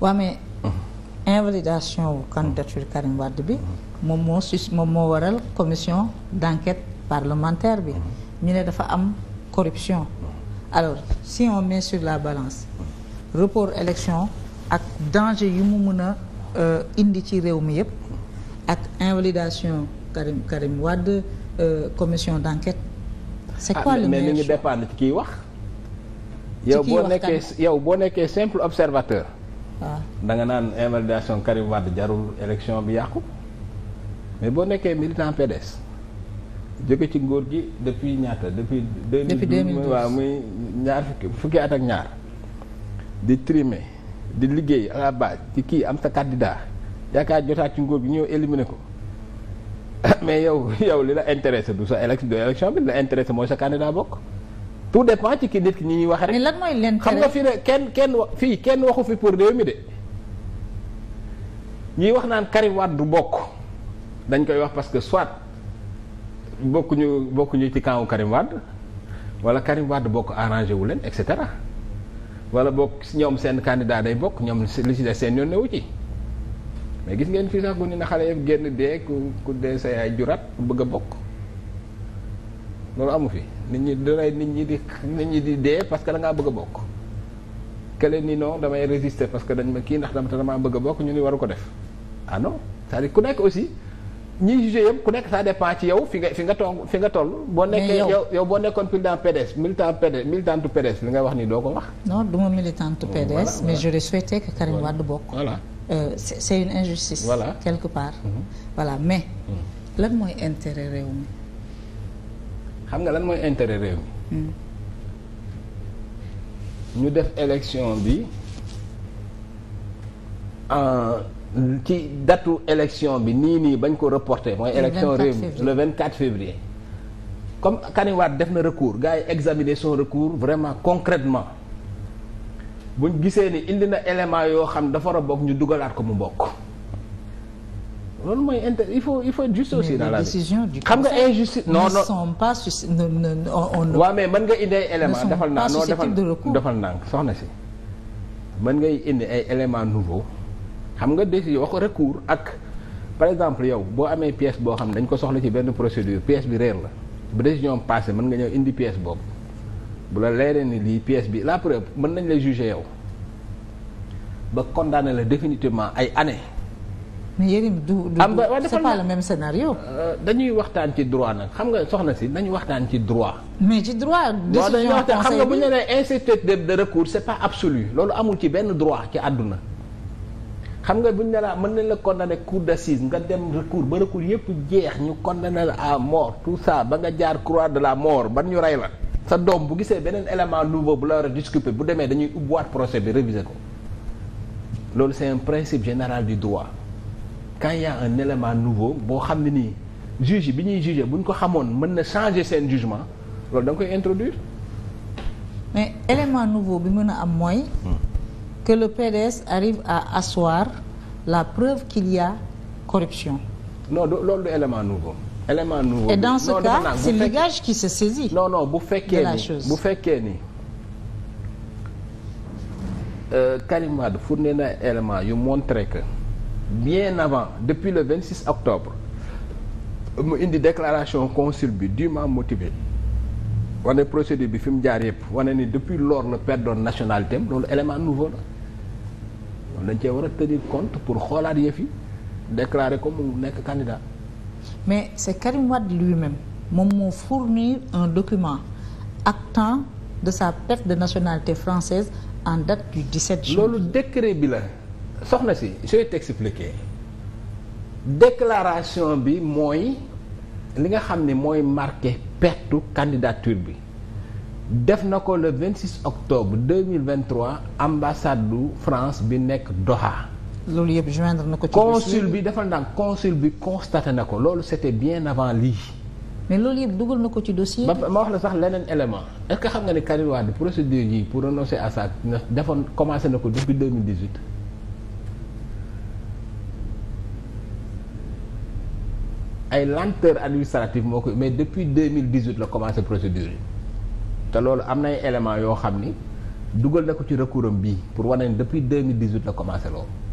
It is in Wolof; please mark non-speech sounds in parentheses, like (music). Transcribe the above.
waa mais invalidation wu candidature Karim Wade bi moom moo sus moom moo waral commission d'enquête parlementaire bi ñu ne dafa am corruption alors si on met sur la balance report élection ak danger yi mu mën a euh, indi ci réew mi yëpp ak invalidation Karim Karim Wade euh, commission d'enquête c'est ah, quoi le mais kiy wax yow boo nekkee yow boo nekkee simple observateur waaw ah. da nga naan invalidation Karim Wade jarul élection bi yàqu mais boo nekkee militant PDS jóge ci nguur gi depuis ñaata depuis. depuis 2012 waaw muy ñaar fukki fukki at ak ñaar di trimer di liggéey à la base ci kii am sa candidat yaakaar jotaat ci nguur gi ñëw éliminer ko (coughs) mais yow yow li la intéressé du sa élec do élection bi li la intéressé mooy sa candidat bokk. tout dépend ci ki nit ki ñuy wax rek. lan mooy leen xam nga fi ne kenn kenn wax fii kenn waxu fi pour réew mi de ñuy wax naan Karim Wade bokk dañ koy wax parce que soit bokkuñu bokkuñu ci camp Karim Wade wala Karim bokk arrangé wu leen et cetera wala bokk ñoom seen candidat day bokk ñoom li ci des seen yoon newu ci mais gis ngeen fii sax gu ni na xale yëpp génn dee ku ku dee sa yaay jurat bëgg a bokk. loolu amu fi nit ñi nit ñi di nit ñi di dee parce que da ngaa bëgg a bokk kële ni noo damay résister parce que dañ ma kii ndax dama te damaa bëgg a bokk ñu ni waru ko def ah non cest à ku nekk aussi ñiy jugé yëpp ku nekk ça dépend ci yow fi nga fi nga toog fi nga toll boo nekkee yow yow boo nekkoon président PDS militant PDS militante PDS li ngay wax ni doo ko wax non du ma militante PDS mais j'aurais souhaité que Karim Wade bokk voilà euh, c'est une injustice quelque part mhm. voilà mais mhm. lan mooy intérêt réew mi xam nga lan mooy intérêt réew mi. Hmm. ñu def élection bi en ci datu élection bi nii nii bañ ko reporté mooy élection réew mi le 24 février comme Karim def na recours gars yi examiner son recours vraiment concrètement buñ gisee ni indi na élément yoo xam dafa war a bokk ñu dugalaat ko mu bokk loolu mooy inter il faut il faut être juste aussi dans la vie xam nga injustice non non sont mais mën nga indi ay defal naa non defal defal naa soxna si mën ngay indi ay éléments nouveaux xam nga décision wax recours ak par exemple yow boo amee pièce boo xam dañ ko soxla ci benn procédure pièce bi réer la bu décision passé mën nga ñëw indi pièce boobu bu la leeree ni lii pièce bi la preuve mën nañ la juger yow ba condamné la définitivement ay années mais yéen du du am nga c'est pas le même scénario. Euh, dañuy waxtaan ci droit nag xam nga soxna si nañu waxtaan ci droit. mais ci droit. décision conseil xam nga bu ñu nee incertitude de recours c'est pas loolu amul ci benn droit ci àdduna. xam nga bu ñu ne mën nañ la condamné cour d'assises nga dem recours ba recours yépp jeex ñu condamné la à mort tout ça ba nga jaar croix de la mort ban ñu rey la. sa doom bu gisee beneen élément nouveau bu la war a bu demee dañuy ubbiwaat procès bi réviser ko loolu c'est un principe général du droit. quand il y a un élément nouveau boo xam ne ni juge bi ñuy juger bu ñu ko xamoon mën na changer seen jugement loolu da koy introduire. mais élément nouveau bi mën a am mooy. que le PDS arrive à asseoir la preuve qu'il y a corruption. non loolu du élément nouveau. élément nouveau et dans ce non, cas c'est l'IGAJ qui se saisit. non non bu fekkee ni bu fekkee ni euh, Karim Wade fourni élément yu montré que. bien avant depuis le 26 octobre mu indi déclaration consul bi dûment motivée wane procédure bi fi mu jaar yëpp wane ni depuis lors la perdoon nationalité am loolu élément nouveau la loolu cee war a tenir compte pour xoolaat yëf yi ko mu nekk candidat. mais c'est Karim Wade lui-même moom moo fournir un document actant de sa perte de nationalité française en date du 17 juin. loolu décret bi la. soxna si je vais t'expliquer bi mooy li nga xam ne mooy marqué pertu candidature bi def na ko la 26 octobre 2023 ambassade du France bi nekk Doha. loolu yëpp joindre na ko ci. consul bi defal ndànk consul bi constaté na ko loolu c'était bien avant lii. mais loolu yëpp dugal na ko ci dossier. ma wax la sax leneen élément est-ce xam nga ne Karim procédure yi pour renoncer à ça defoon commencé na ko depuis 2018. ay lenteur administrative moo ko mais depuis 2018 la commencé procédure yi te loolu am na ay éléments yoo xam ni dugal na ko ci recours am bii pour wane ne depuis 2018 la commencé loolu.